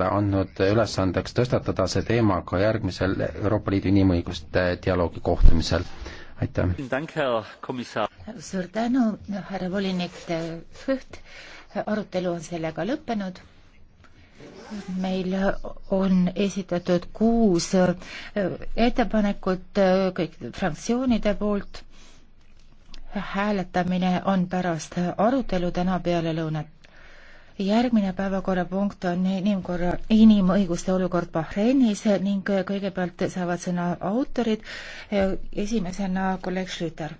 Barrosole andnud ülesandeks tõstatada see teema ka järgmisel Euroopa Liidu inimõiguste dialoogi kohtumisel. aitäh! suur tänu, härra volinik Fõht, arutelu on sellega lõppenud meil on esitatud kuus ettepanekut kõik fraktsioonide poolt. hääletamine on pärast arutelu täna peale lõunat järgmine päevakorrapunkt on inimkorra, inimõiguste olukord Bahreinis ning kõigepealt saavad sõna autorid. esimesena kolleeg Schlüter.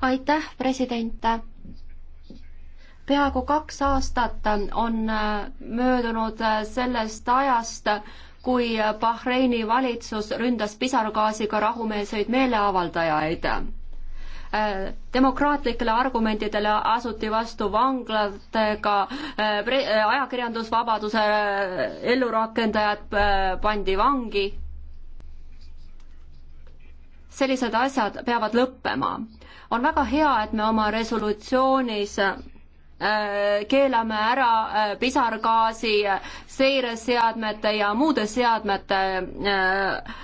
aitäh, president. peaaegu kaks aastat on möödunud sellest ajast, kui Bahreini valitsus ründas pisargaasiga rahumeelseid meeleavaldajaid Äh, demokraatlikele argumentidele asuti vastu vanglatega, äh, äh, ajakirjandusvabaduse ellurakendajad pandi vangi. sellised asjad peavad lõppema. on väga hea, et me oma resolutsioonis Äh, keelame ära äh, pisargaasi seireseadmete ja muude seadmete äh,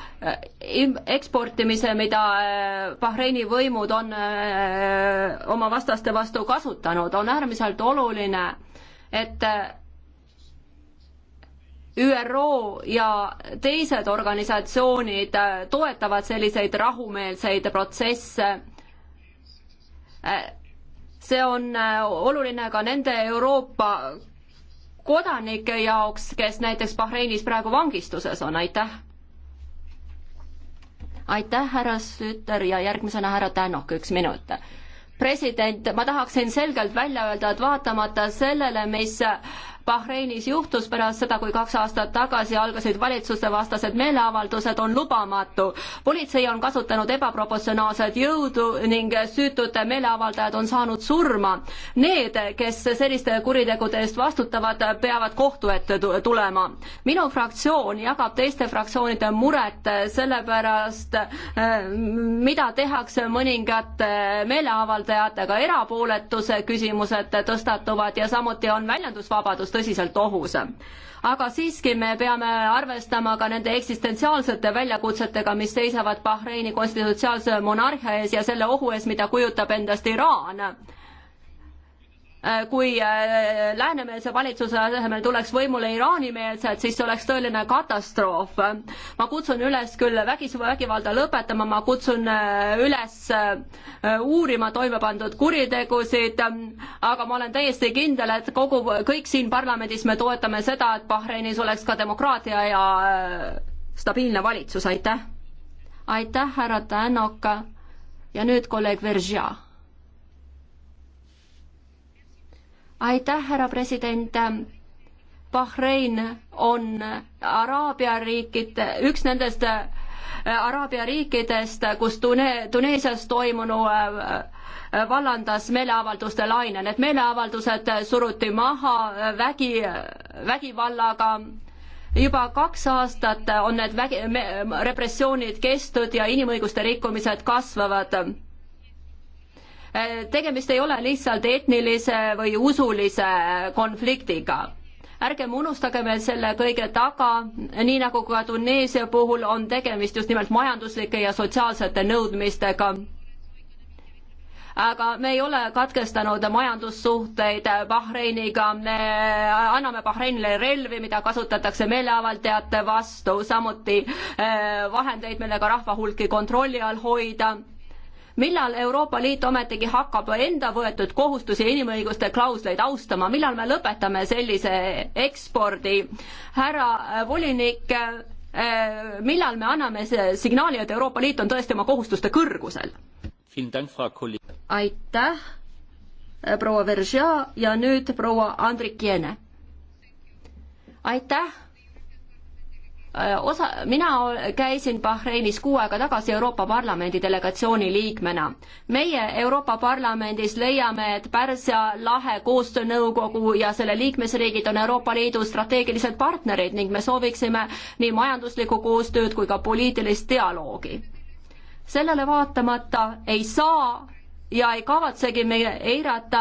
eksportimise, mida Bahreini võimud on oma vastaste vastu kasutanud, on äärmiselt oluline, et ÜRO ja teised organisatsioonid toetavad selliseid rahumeelseid protsesse see on äh, oluline ka nende Euroopa kodanike jaoks, kes näiteks Bahreinis praegu vangistuses on, aitäh. aitäh, härra Süter ja järgmisena härra Tänok, üks minut president, ma tahaksin selgelt välja öelda, et vaatamata sellele, mis Bahreinis juhtus pärast seda, kui kaks aastat tagasi algasid valitsustevastased meeleavaldused, on lubamatu. politsei on kasutanud ebaproportsionaalset jõudu ning süütud meeleavaldajad on saanud surma. Need, kes selliste kuritegude eest vastutavad, peavad kohtu ette tulema. minu fraktsioon jagab teiste fraktsioonide muret selle pärast, eh, mida tehakse mõningate meeleavaldajatega, erapooletuse küsimused tõstatuvad ja samuti on väljendusvabadust tõsiselt ohus aga siiski me peame arvestama ka nende eksistentsiaalsete väljakutsetega, mis seisavad Bahreini konstitutsiaalse monarhia ees ja selle ohu ees, mida kujutab endast Iraan Äh, kui äh, läänemeelse valitsuse asemel tuleks võimule Iraani-meelsed, siis see oleks tõeline katastroof. ma kutsun üles küll vägisuva vägivalda lõpetama, ma kutsun äh, üles uurima toime pandud kuritegusid, aga ma olen täiesti kindel, et kogu, kõik siin parlamendis me toetame seda, et Bahreinis oleks ka demokraatia ja stabiilne valitsus, aitäh! aitäh, härra Tänok ja nüüd kolleeg Veržia aitäh, härra president. Bahrein on Araabia riikide, üks nendest äh, Araabia riikidest, kus Tune-, Tuneesias toimunu äh, äh, vallandas meeleavalduste laine, need meeleavaldused suruti maha vägi, vägivallaga. juba kaks aastat on need vägi, me, repressioonid kestnud ja inimõiguste rikkumised kasvavad tegemist ei ole lihtsalt etnilise või usulise konfliktiga ärgem unustagem, et selle kõige taga, nii nagu ka Tuneesia puhul, on tegemist just nimelt majanduslike ja sotsiaalsete nõudmistega. aga me ei ole katkestanud majandussuhteid Bahreiniga, me anname Bahreinile relvi, mida kasutatakse meeleavaldajate vastu, samuti eh, vahendeid, millega rahva hulki kontrolli all hoida millal Euroopa Liit ometigi hakkab enda võetud kohustusi ja inimõiguste klausleid austama, millal me lõpetame sellise ekspordi? härra äh, volinik, äh, millal me anname signaali, et Euroopa Liit on tõesti oma kohustuste kõrgusel? aitäh, äh, proua Veržea ja nüüd proua Andrik Jene. aitäh Äh, osa, mina käisin Bahreinis kuu aega tagasi Euroopa Parlamendi delegatsiooni liikmena. meie Euroopa Parlamendis leiame, et Pärsia lahe koostöönõukogu ja selle liikmesriigid on Euroopa Liidu strateegilised partnerid ning me sooviksime nii majanduslikku koostööd kui ka poliitilist dialoogi. sellele vaatamata ei saa ja ei kavatsegi meie eirata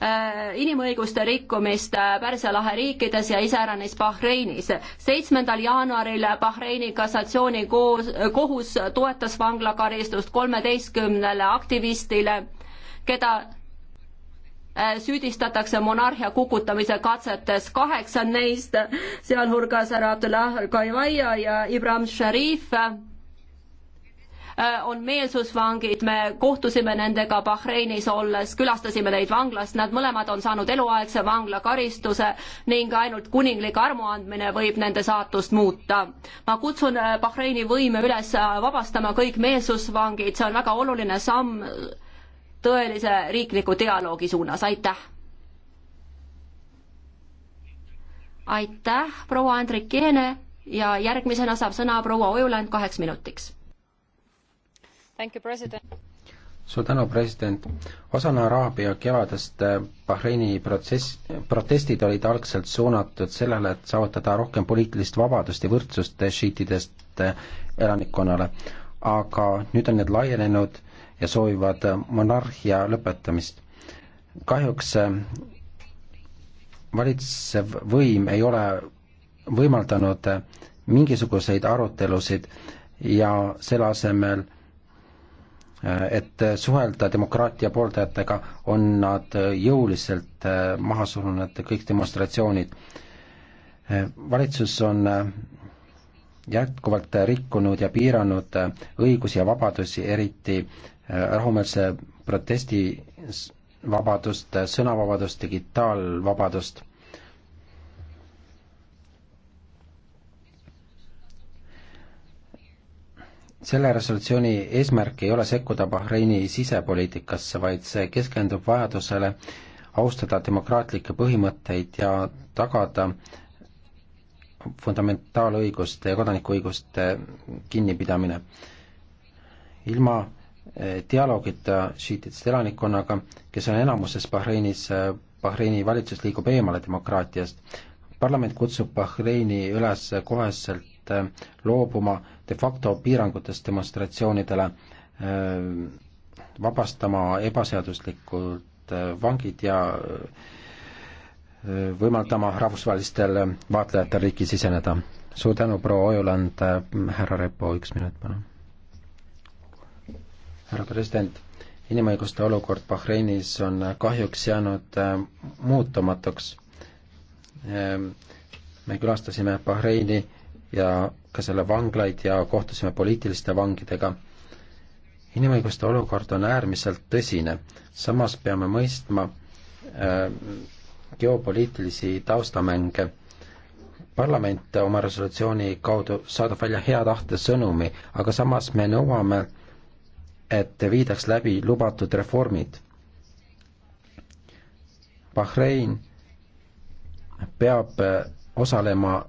äh, inimõiguste rikkumist äh, Pärsia lahe riikides ja iseäranis Bahreinis. seitsmendal jaanuaril Bahreini kassatsiooni koos, äh, kohus toetas vanglakaristust kolmeteistkümnele aktivistile, keda äh, süüdistatakse monarhia kukutamise katsetes. kaheksa neist, sealhulgas härra Abdullah Al-Kawaja ja Ibrahim Sharif Äh, on meelsusvangid, me kohtusime nendega Bahreinis olles, külastasime neid vanglas, nad mõlemad on saanud eluaegse vanglakaristuse ning ainult kuninglik armuandmine võib nende saatust muuta. ma kutsun äh, Bahreini võime üles äh, vabastama kõik meelsusvangid, see on väga oluline samm tõelise riikliku dialoogi suunas, aitäh! aitäh, proua Andrik Jeene ja järgmisena saab sõna proua Ojuland kaheks minutiks suur tänu, president. osana Araabia kevadest eh, Bahreini protsess, protestid olid algselt suunatud sellele, et saavutada rohkem poliitilist vabadust ja võrdsust eh, šiitidest eh, elanikkonnale. aga nüüd on need laienenud ja soovivad monarhia lõpetamist. kahjuks valitsev võim ei ole võimaldanud mingisuguseid arutelusid ja selle asemel Äh, et suhelda demokraatia pooldajatega, on nad jõuliselt äh, maha surunud, kõik demonstratsioonid. Äh, valitsus on jätkuvalt rikkunud ja piiranud õigusi ja vabadusi, eriti rahumeelse protesti vabadust, sõnavabadust, digitaalvabadust selle resolutsiooni eesmärk ei ole sekkuda Bahreini sisepoliitikasse, vaid see keskendub vajadusele austada demokraatlikke põhimõtteid ja tagada fundamentaalõiguste ja kodanikuõiguste kinnipidamine. ilma eh, dialoogita šiitidest elanikkonnaga, kes on enamuses Bahreinis, eh, Bahreini valitsus liigub eemale demokraatiast. parlament kutsub Bahreini üles koheselt Venemaad äh, loobuma de facto piirangutest demonstratsioonidele, äh, vabastama ebaseaduslikult äh, vangid ja võimaldama rahvusvahelistel vaatlejatel riiki siseneda. suur tänu, proua Ojuland, härra Repo, üks minut, palun. härra president, inimõiguste olukord Bahreinis on kahjuks jäänud muutumatuks. me külastasime Bahreini ja ka selle vanglaid ja kohtusime poliitiliste vangidega. inimõiguste olukord on äärmiselt tõsine, samas peame mõistma äh, geopoliitilisi taustamänge. parlament oma resolutsiooni kaudu saadab välja hea tahte sõnumi, aga samas me nõuame, et viidaks läbi lubatud reformid. Bahrein peab äh, osalema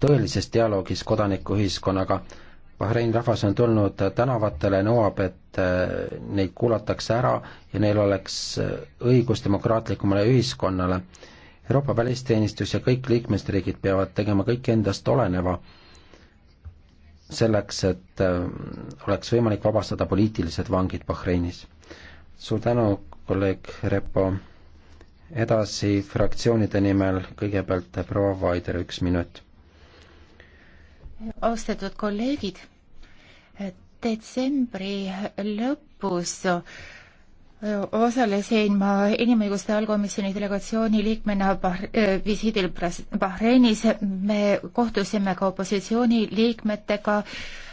tõelises dialoogis kodanikuühiskonnaga. Bahrein rahvas on tulnud tänavatele, nõuab, et äh, neid kuulatakse ära ja neil oleks äh, õigus demokraatlikumale ühiskonnale. Euroopa välisteenistus ja kõik liikmesriigid peavad tegema kõik endast oleneva selleks, et äh, oleks võimalik vabastada poliitilised vangid Bahreinis. suur tänu, kolleeg Repo. edasi fraktsioonide nimel kõigepealt proua Vaider, üks minut austatud kolleegid, detsembri lõpus osalesin ma inimõiguste allkomisjoni delegatsiooni liikmena Bah-, eh, visiidil Bahreinis, me kohtusime ka opositsiooni liikmetega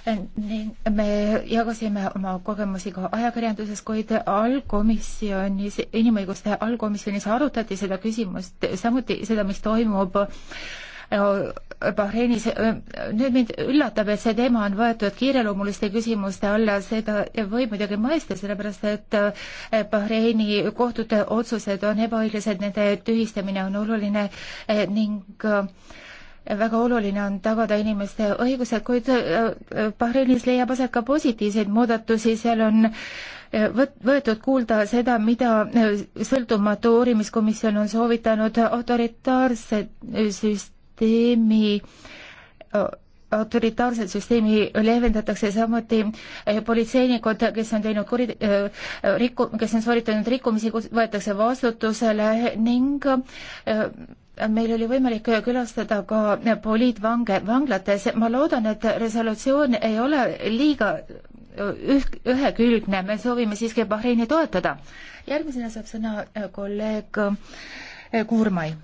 ning me jagasime oma kogemusi ka ajakirjanduses, kuid allkomisjonis, inimõiguste allkomisjonis arutati seda küsimust, samuti seda, mis toimub Bahreinis. nüüd mind üllatab, et see teema on võetud kiireloomuliste küsimuste alla, seda võib muidugi mõista, sellepärast et eh, Bahreini kohtute otsused on ebaõiglased, nende tühistamine on oluline eh, ning eh, väga oluline on tagada inimeste õigused, kuid Bahreinis leiab aset ka positiivseid muudatusi, seal on võt-, võetud kuulda seda, mida sõltumatu uurimiskomisjon on soovitanud autoritaarse süst-, süsteemi äh, autoritaarset süsteemi leevendatakse samuti äh, politseinikud, kes on teinud kuri-, äh, rikku-, kes on sooritanud rikkumisi, võetakse vastutusele ning meil oli võimalik külastada ka poliitvange vanglates, ma loodan, et resolutsioon ei ole liiga üh-, ühekülgne, me soovime siiski Bahreini toetada. järgmisena saab sõna kolleeg Eh, Kurmai.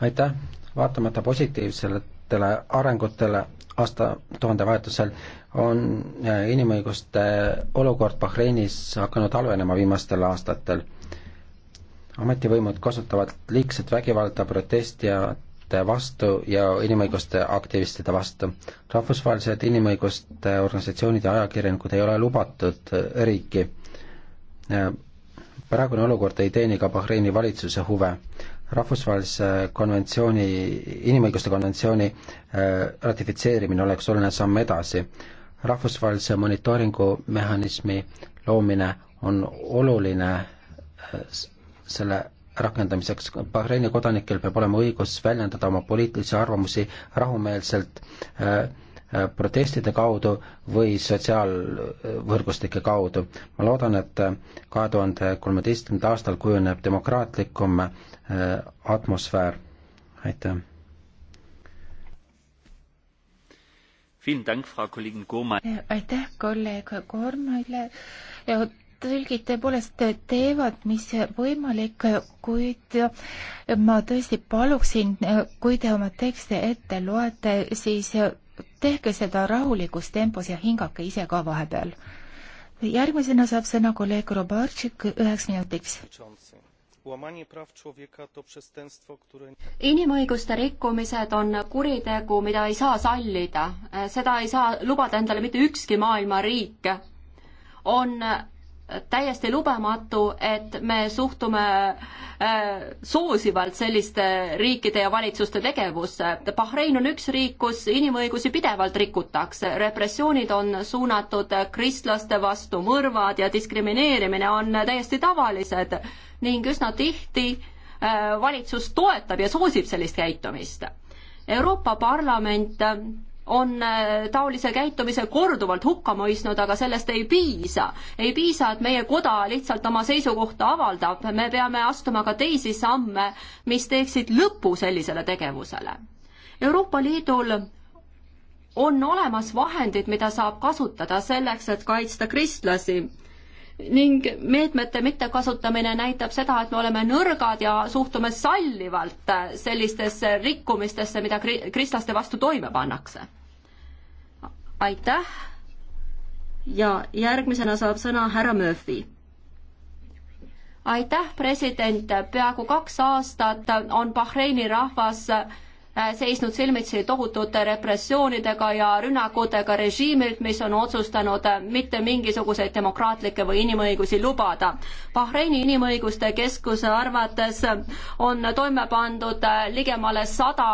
aitäh, vaatamata positiivsetele arengutele aasta tuhandevahetusel on eh, inimõiguste olukord Bahreinis hakanud halvenema viimastel aastatel. ametivõimud kasutavad liigset vägivalda protestijate vastu ja inimõiguste aktivistide vastu. rahvusvahelised inimõiguste organisatsioonid ja ajakirjanikud ei ole lubatud eh, riiki praegune olukord ei teeni ka Bahreini valitsuse huve. rahvusvahelise konventsiooni, inimõiguste konventsiooni äh, ratifitseerimine oleks oluline samm edasi. rahvusvahelise monitooringumehhanismi loomine on oluline äh, selle rakendamiseks. Bahreini kodanikel peab olema õigus väljendada oma poliitilisi arvamusi rahumeelselt äh, protestide kaudu või sotsiaalvõrgustike kaudu. ma loodan, et kahe tuhande kolmeteistkümnendal aastal kujuneb demokraatlikum äh, atmosfäär. aitäh! aitäh kolleeg Kormale ja tõlgid tõepoolest teevad, mis võimalik, kuid ma tõesti paluksin, kui te oma tekste ette loete, siis tehke seda rahulikus tempos ja hingake ise ka vahepeal. järgmisena saab sõna kolleeg Robartšik üheks minutiks. inimõiguste rikkumised on kuritegu, mida ei saa sallida, seda ei saa lubada endale mitte ükski maailma riik. on täiesti lubamatu, et me suhtume äh, soosivalt selliste riikide ja valitsuste tegevusse. Bahrein on üks riik, kus inimõigusi pidevalt rikutakse, repressioonid on suunatud kristlaste vastu, mõrvad ja diskrimineerimine on täiesti tavalised ning üsna tihti äh, valitsus toetab ja soosib sellist käitumist. Euroopa Parlament on äh, taolise käitumise korduvalt hukka mõistnud, aga sellest ei piisa. ei piisa, et meie koda lihtsalt oma seisukohta avaldab, me peame astuma ka teisi samme, mis teeksid lõpu sellisele tegevusele. Euroopa Liidul on olemas vahendid, mida saab kasutada selleks, et kaitsta kristlasi ning meetmete mittekasutamine näitab seda, et me oleme nõrgad ja suhtume sallivalt äh, sellistesse rikkumistesse, mida kristlaste vastu toime pannakse. aitäh. ja järgmisena saab sõna härra Murphy aitäh, president, peaaegu kaks aastat on Bahreini rahvas äh, Äh, seisnud silmitsi tohutute repressioonidega ja rünnakutega režiimilt, mis on otsustanud äh, mitte mingisuguseid demokraatlikke või inimõigusi lubada. Bahreini Inimõiguste Keskuse arvates on toime pandud äh, ligemale sada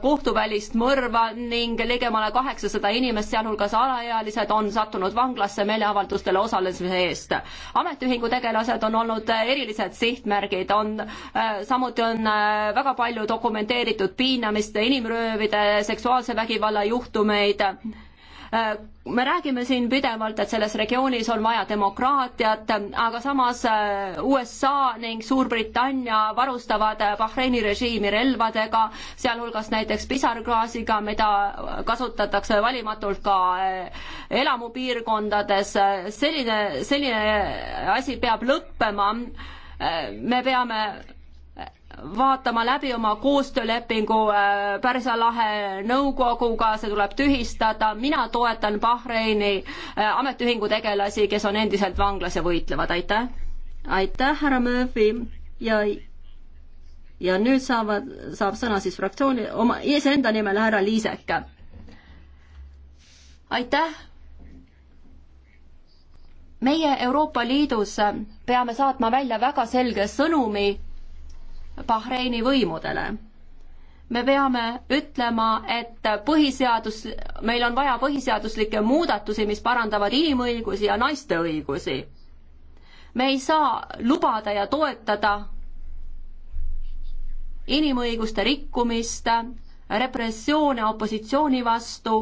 kohtuvälist mõrva ning ligemale kaheksasada inimest, sealhulgas alaealised, on sattunud vanglasse meeleavaldustele osalemise eest. ametiühingu tegelased on olnud erilised sihtmärgid, on, samuti on väga palju dokumenteeritud piinlikkust, piinamiste, inimröövide, seksuaalse vägivalla juhtumeid me räägime siin pidevalt, et selles regioonis on vaja demokraatiat, aga samas äh, USA ning Suurbritannia varustavad Bahreini režiimi relvadega, sealhulgas näiteks pisargaasiga, mida kasutatakse valimatult ka äh, elamupiirkondades. selline, selline asi peab lõppema. Äh, me peame vaatama läbi oma koostöölepingu äh, Pärsia lahe nõukoguga, see tuleb tühistada, mina toetan Bahreini äh, ametiühingu tegelasi, kes on endiselt vanglas ja võitlevad, aitäh. aitäh, härra Murphy ja ja nüüd saavad, saab sõna siis fraktsiooni, oma, iseenda nimel härra Liisek. aitäh meie Euroopa Liidus äh, peame saatma välja väga selge sõnumi Bahreini võimudele. me peame ütlema, et põhiseadus, meil on vaja põhiseaduslikke muudatusi, mis parandavad inimõigusi ja naiste õigusi. me ei saa lubada ja toetada inimõiguste rikkumist, repressioone opositsiooni vastu.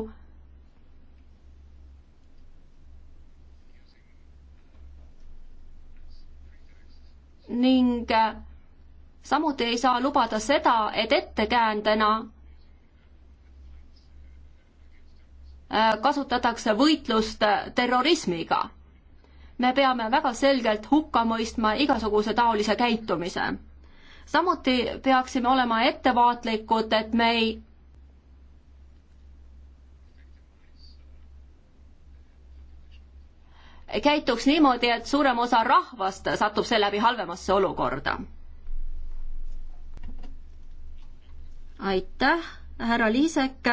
ning samuti ei saa lubada seda, et ettekäändena äh, kasutatakse võitlust terrorismiga. me peame väga selgelt hukka mõistma igasuguse taolise käitumise. samuti peaksime olema ettevaatlikud, et me ei käituks niimoodi, et suurem osa rahvast satub seeläbi halvemasse olukorda aitäh, härra Liisek.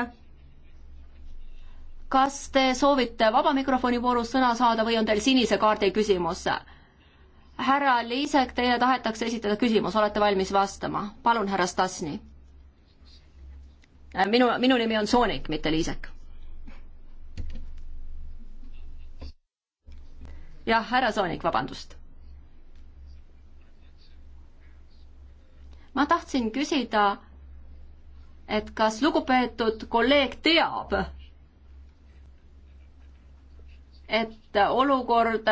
kas te soovite vaba mikrofoni voorus sõna saada või on teil sinise kaardi küsimus? härra Liisek, teile tahetakse esitada küsimus, olete valmis vastama? palun, härra Stasni. Äh, minu, minu nimi on Soonik, mitte Liisek. jah, härra Soonik, vabandust ma tahtsin küsida et kas lugupeetud kolleeg teab, et olukord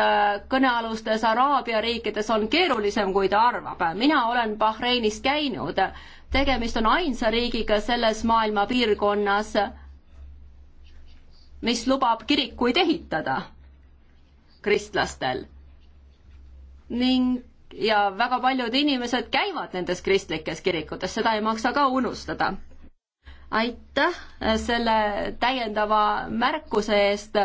kõnealustes Araabia riikides on keerulisem, kui ta arvab. mina olen Bahreinis käinud, tegemist on ainsa riigiga selles maailma piirkonnas, mis lubab kirikuid ehitada kristlastel. ning, ja väga paljud inimesed käivad nendes kristlikes kirikutes, seda ei maksa ka unustada aitäh äh, selle täiendava märkuse eest.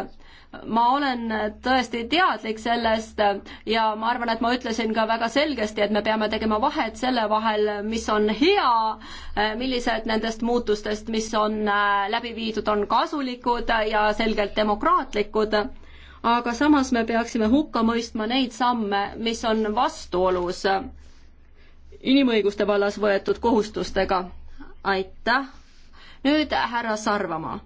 ma olen tõesti teadlik sellest ja ma arvan, et ma ütlesin ka väga selgesti, et me peame tegema vahet selle vahel, mis on hea, äh, millised nendest muutustest, mis on äh, läbi viidud, on kasulikud ja selgelt demokraatlikud aga samas me peaksime hukka mõistma neid samme, mis on vastuolus inimõiguste vallas võetud kohustustega. aitäh! nüüd härra Sarvamaa.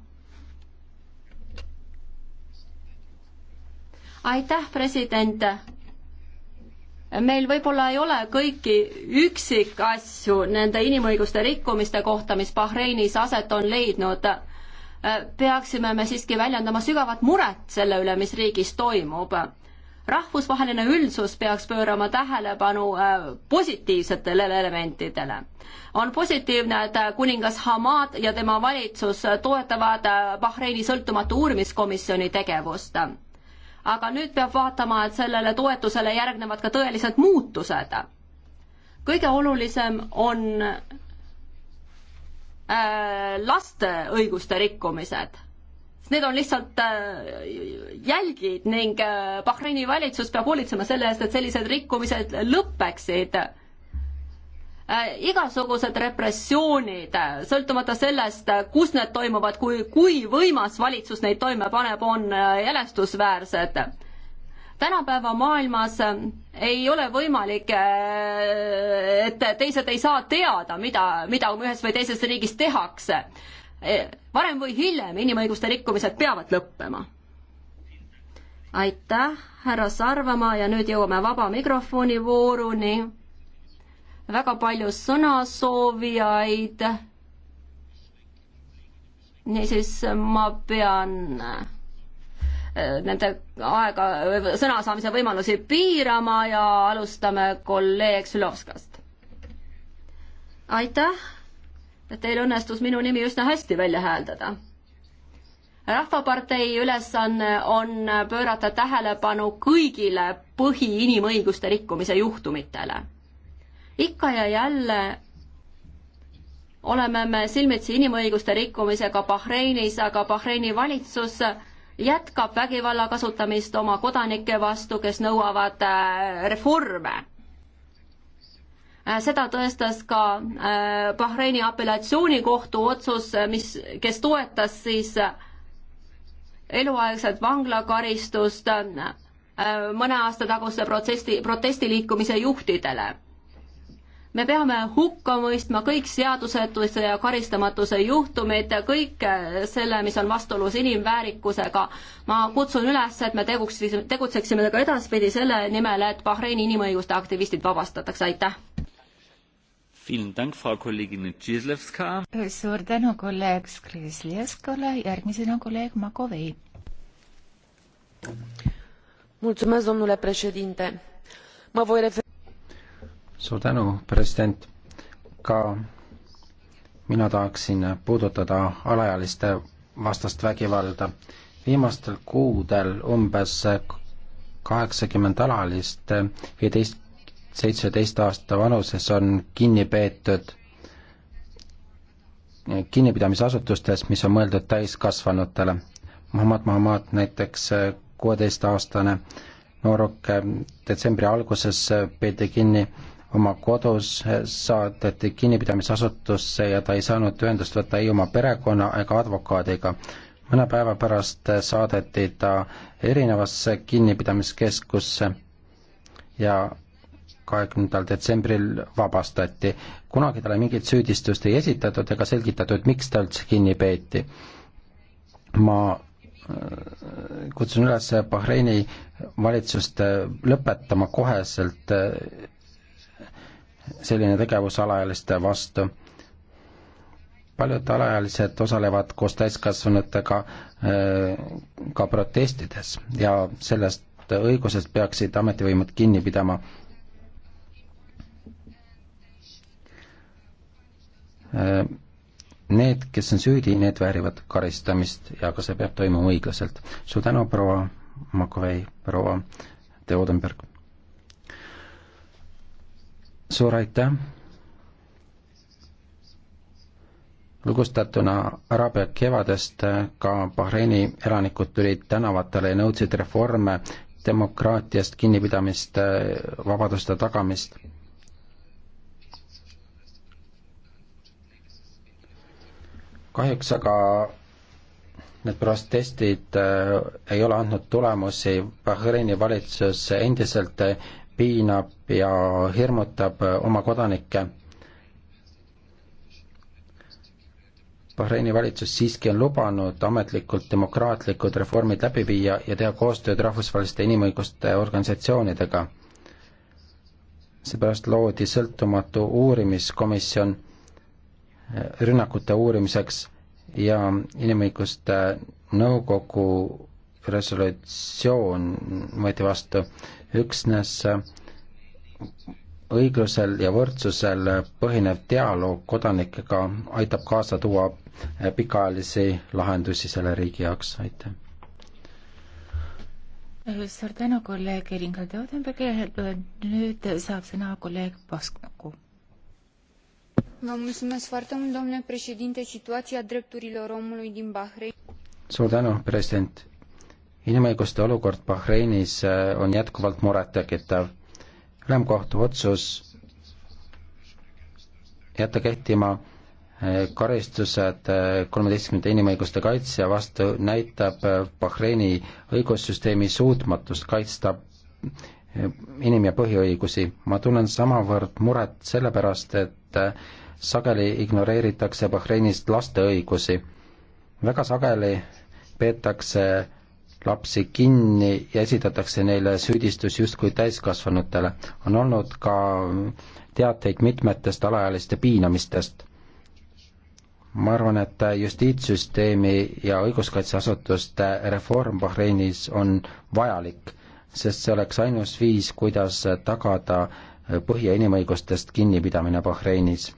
aitäh, president meil võib-olla ei ole kõiki üksikasju nende inimõiguste rikkumiste kohta, mis Bahreinis aset on leidnud, peaksime me siiski väljendama sügavat muret selle üle, mis riigis toimub rahvusvaheline üldsus peaks pöörama tähelepanu äh, positiivsetele elementidele. on positiivne, et äh, kuningas Hamad ja tema valitsus toetavad äh, Bahreini sõltumatu uurimiskomisjoni tegevust. aga nüüd peab vaatama, et sellele toetusele järgnevad ka tõelised muutused. kõige olulisem on laste õiguste rikkumised Need on lihtsalt äh, jälgid ning äh, Bahreini valitsus peab hoolitsema selle eest, et sellised rikkumised lõpeksid äh, igasugused repressioonid, sõltumata sellest, kus need toimuvad, kui, kui võimas valitsus neid toime paneb, on jälestusväärsed. tänapäeva maailmas ei ole võimalik, et teised ei saa teada, mida, mida ühes või teises riigis tehakse Eh, varem või hiljem inimõiguste rikkumised peavad lõppema. aitäh, härra Sarvamaa ja nüüd jõuame vaba mikrofoni vooruni. väga palju sõnasoovijaid. niisiis ma pean eh, nende aega, sõna saamise võimalusi piirama ja alustame kolleeg Sülovskast. aitäh teil õnnestus minu nimi üsna hästi välja hääldada. rahvapartei ülesanne on pöörata tähelepanu kõigile põhiinimõiguste rikkumise juhtumitele. ikka ja jälle oleme me silmitsi inimõiguste rikkumisega Bahreinis, aga Bahreini valitsus jätkab vägivalla kasutamist oma kodanike vastu, kes nõuavad äh, reforme Äh, seda tõestas ka äh, Bahreini apellatsioonikohtu otsus, äh, mis, kes toetas siis eluaegset vanglakaristust mõne aasta taguse protsessi, protestiliikumise juhtidele. me peame hukka mõistma kõik seadusetuse ja karistamatuse juhtumid, kõik selle, mis on vastuolus inimväärikusega. ma kutsun üles, et me teguksime, tegutseksime ka edaspidi selle nimel, et Bahreini inimõiguste aktivistid vabastatakse, aitäh! suur tänu kolleeg Skrizlevskale, järgmisena kolleeg Makovei. suur tänu, president. ka mina tahaksin puudutada alaealiste vastast vägivalda. viimastel kuudel umbes kaheksakümmend alalist viieteist seitseteist aasta vanuses on kinni peetud kinnipidamisasutustes, mis on mõeldud täiskasvanutele. Muhamed Muhamed näiteks äh, kuueteistaastane nooruk äh, detsembri alguses äh, peeti kinni oma kodus, saadeti kinnipidamisasutusse ja ta ei saanud ühendust võtta ei oma perekonna ega advokaadiga. mõne päeva pärast saadeti ta erinevasse kinnipidamiskeskusse ja kahekümnendal detsembril vabastati. kunagi talle mingit süüdistust ei esitatud ega selgitatud, miks ta üldse kinni peeti. ma äh, kutsun üles Bahreini valitsust äh, lõpetama koheselt äh, selline tegevus alaealiste vastu. paljud alaealised osalevad koos täiskasvanutega ka protestides ja sellest õigusest peaksid ametivõimud kinni pidama. Äh, need, kes on süüdi, need väärivad karistamist ja ka see peab toimuma õiglaselt. suur tänu, proua Makovei, proua De Odenberg. suur aitäh. lugustatuna araabia kevadest ka Bahreini elanikud tulid tänavatele ja nõudsid reforme, demokraatiast kinnipidamist, vabaduste tagamist kahjuks aga need protestid äh, ei ole andnud tulemusi, Bahreini valitsus endiselt piinab ja hirmutab äh, oma kodanikke. Bahreini valitsus siiski on lubanud ametlikult demokraatlikud reformid läbi viia ja teha koostööd rahvusvaheliste inimõiguste organisatsioonidega. seepärast loodi sõltumatu uurimiskomisjon rünnakute uurimiseks ja Inimõiguste Nõukogu resolutsioon võeti vastu üksnes õiglusel ja võrdsusel põhinev dialoog kodanikega aitab kaasa tuua pikaajalisi lahendusi selle riigi jaoks, aitäh. suur tänu kolleeg Eringa Teodenbergile, nüüd saab sõna kolleeg Paskaku situaia drepturilor omului din bahrain. suur tänu president inimõiguste olukord bahreinis eh, on jätkuvalt murettekitav ülemkohtu otsus jätta kehtima eh, karistused eh, kolmeteistkümnenda inimõiguste kaitsja vastu näitab Bahreini õigussüsteemi suutmatust kaitsta inim- ja põhiõigusi. ma tunnen samavõrd muret selle pärast, et sageli ignoreeritakse Bahreinist laste õigusi. väga sageli peetakse lapsi kinni ja esitatakse neile süüdistus justkui täiskasvanutele. on olnud ka teateid mitmetest alaealiste piinamistest. ma arvan, et justiitssüsteemi ja õiguskaitseasutuste reform Bahreinis on vajalik, sest see oleks ainus viis, kuidas tagada põhi- ja inimõigustest kinnipidamine Bahreinis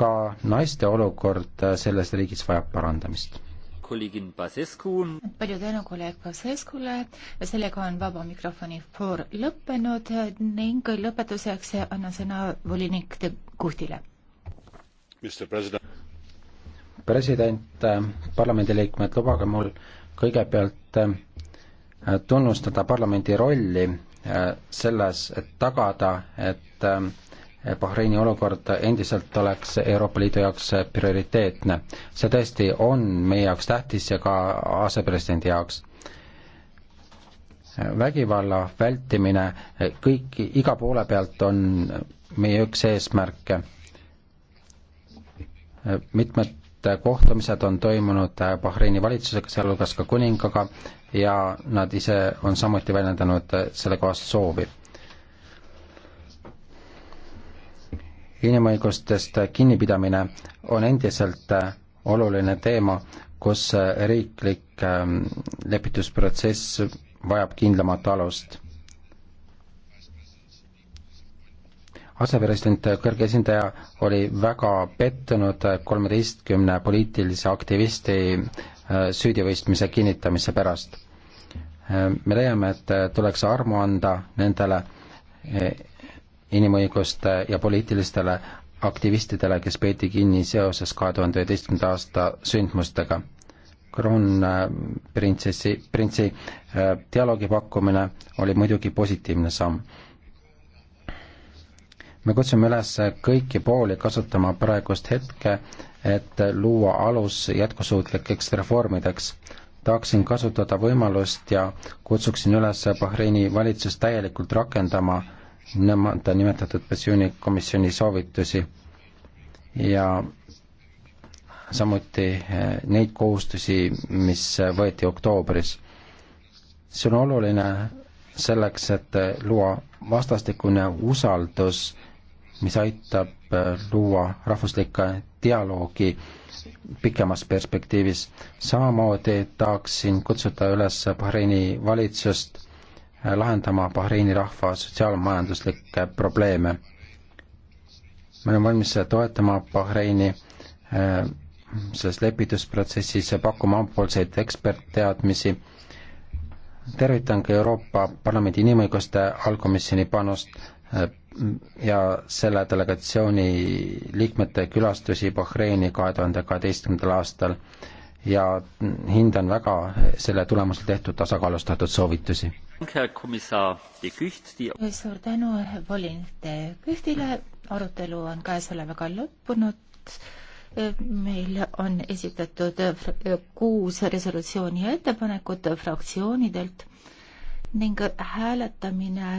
ka naiste olukord selles riigis vajab parandamist. palju tänu kolleeg Basescule, sellega on vaba mikrofoni voor lõppenud ning lõpetuseks annan sõna volinik De Guhtile. president, äh, parlamendiliikmed, lubage mul kõigepealt äh, tunnustada parlamendi rolli äh, selles, et tagada, et Bahreini olukord endiselt oleks Euroopa Liidu jaoks prioriteetne. see tõesti on meie jaoks tähtis ja ka asepresidendi jaoks. vägivalla vältimine kõik, iga poole pealt on meie üks eesmärke. mitmed kohtumised on toimunud Bahreini valitsusega, sealhulgas ka kuningaga, ja nad ise on samuti väljendanud sellekohast soovi inimõigustest kinnipidamine on endiselt oluline teema, kus riiklik ähm, lepitusprotsess vajab kindlamat alust. asepresident, kõrge esindaja oli väga pettunud kolmeteistkümne poliitilise aktivisti äh, süüdimõistmise kinnitamise pärast. Äh, me leiame, et äh, tuleks armu anda nendele inimõiguste ja poliitilistele aktivistidele, kes peeti kinni seoses kahe tuhande üheteistkümnenda aasta sündmustega. kroonprintsessi, äh, printsi äh, dialoogi pakkumine oli muidugi positiivne samm. me kutsume üles kõiki pooli kasutama praegust hetke, et luua alus jätkusuutlikeks reformideks. tahaksin kasutada võimalust ja kutsuksin üles Bahreini valitsust täielikult rakendama nõmanda nimetatud pensioonikomisjoni soovitusi ja samuti eh, neid kohustusi, mis võeti oktoobris. see on oluline selleks, et luua vastastikune usaldus, mis aitab eh, luua rahvuslikke dialoogi pikemas perspektiivis. samamoodi tahaksin kutsuda üles Bahreini valitsust lahendama Bahreini rahva sotsiaalmajanduslikke probleeme. me oleme valmis toetama Bahreini eh, selles lepitusprotsessis ja pakkuma omapoolseid ekspertteadmisi. tervitan ka Euroopa Parlamendi inimõiguste allkomisjoni panust eh, ja selle delegatsiooni liikmete külastusi Bahreini kahe tuhande kaheteistkümnendal aastal ja hindan väga selle tulemusel tehtud tasakaalustatud soovitusi. suur tänu volinike Kühtile, arutelu on käesolevaga lõppunud. meil on esitatud kuus resolutsiooni ja ettepanekut fraktsioonidelt ning hääletamine